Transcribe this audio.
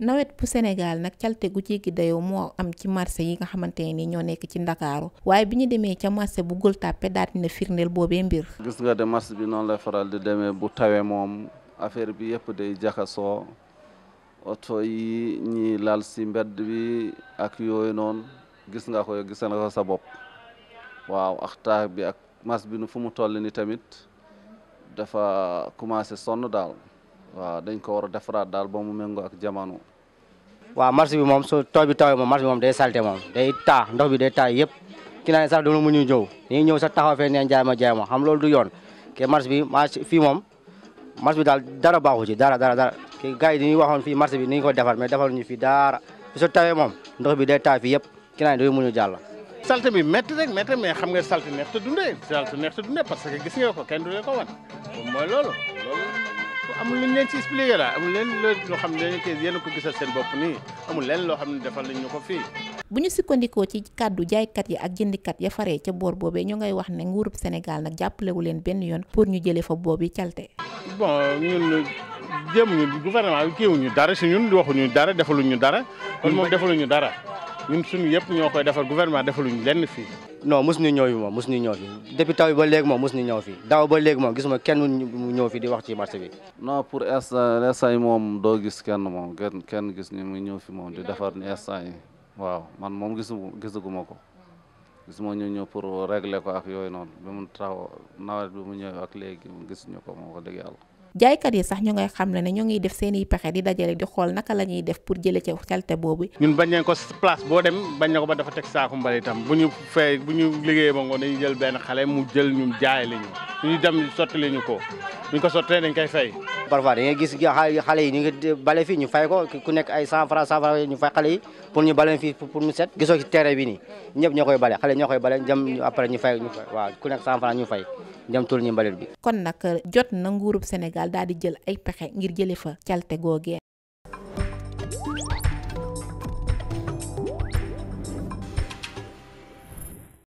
nawet bu Sénégal nag calte gu jéggi dayoo moo am ci marché yi nga xamante ni ñoo nekk ci ndakaaru waaye bi ñu demee ca marché bu Gueule Tapée daal dina firndeel boobee mbir. gis nga de marché bi noonu lay faral di demee bu tawee moom affaire bi yëpp day jaxasoo oto yi ñi si mbedd bi ak yooyu noon gis nga ko gis nga ko sa bopp waaw ak bi ak marché bi nu fu mu toll ni tamit dafa commencé sonn daal. waaw dañ ko war a defaraat daal ba mu méngoo ak jamono waaw marché bi moom su taw bi tawee moom marché bi moom day salté moom day taa ndox bi day taa yëpp ki naa ne sax dama mu ñu ñëw dañuy ñëw sax taxaw fee loolu du yoon ke marché bi fii moom marché bi daal dara baaxu ci dara dara dara ke gars yi dañuy waxoon fii marché bi ni ñu ko defar mais defar ñu fii dara su moom ndox bi day taa fii yëpp ki naa ne dama mu ñu salte bi métti rek métti xam nga salte neex te dundee parce que gis nga ko kenn du leen wan amul lu ñu leen ci expliqué la amul loo xam ne yéen a ko gisal seen bopp nii amul leen loo xam ne defal nañ ñu ko fii. bu ñu sukkandikoo ci kàddu jaaykat yi ak jëndikat ya faree ca boor boobee ñu ngay wax ne nguurub Sénégal nag jàppalewu leen benn yoon pour ñu jëlee fa boob boobu calte. bon ñu ñun jéemuñu gouvernement bi kiiwuñu dara si ñun waxuñu dara defaluñu dara. kon moom defaluñu dara. ñun suñu yëpp ñoo ko defar gouvernement defaluñu lenn fii. non mos ñu ñëw fi moom mos ñu ñëw fi depuis taw bi ba léegi moom mos ñu ñëw fi daaw ba léegi moom gisuma kenn mu ñëw fi di wax ci marché bi. non pour instant instant yi moom doo gis kenn moom kenn kenn gis ni mu ñëw fi moom di defar ni instant yi waaw man moom gisu gisaguma ko gisuma ñu ñëw pour régler ko ak yooyu noonu bi mu taw nawet bi mu ñëw ak léegi gisuñu ko moom ko dëgg yàlla. jaaykat yi sax ñu ngay xam ne ne ñoo ngi def seen i pexe di dajale di xool naka la ñuy def pour jëlee ci salte boobu. ñun bañ nañ ko place boo dem bañ na ko ba dafa teg saako mbali itam bu ñu fee bu ñu liggéeyee ba ngoon ñu jël benn xale mu jël ñun jaay la ñu ñu dem sotti la ñu ko buñ ko sottee dañ koy fay parfois da gis xale yi bale fii ñu fay ko ku nekk ay cent franc cent franc ñu fay xale yi pour ñu bale fii pour mu set gisoo ci terrain bi nii ñoo koy bale xale ñoo koy bale jëm après ñu fay ñu fay waaw ku nekk cent ñu fay jëm tul ñu mbalit bi kon nag jot na nguurub Sénégal daal jël ay pexe ngir jële fa calte googee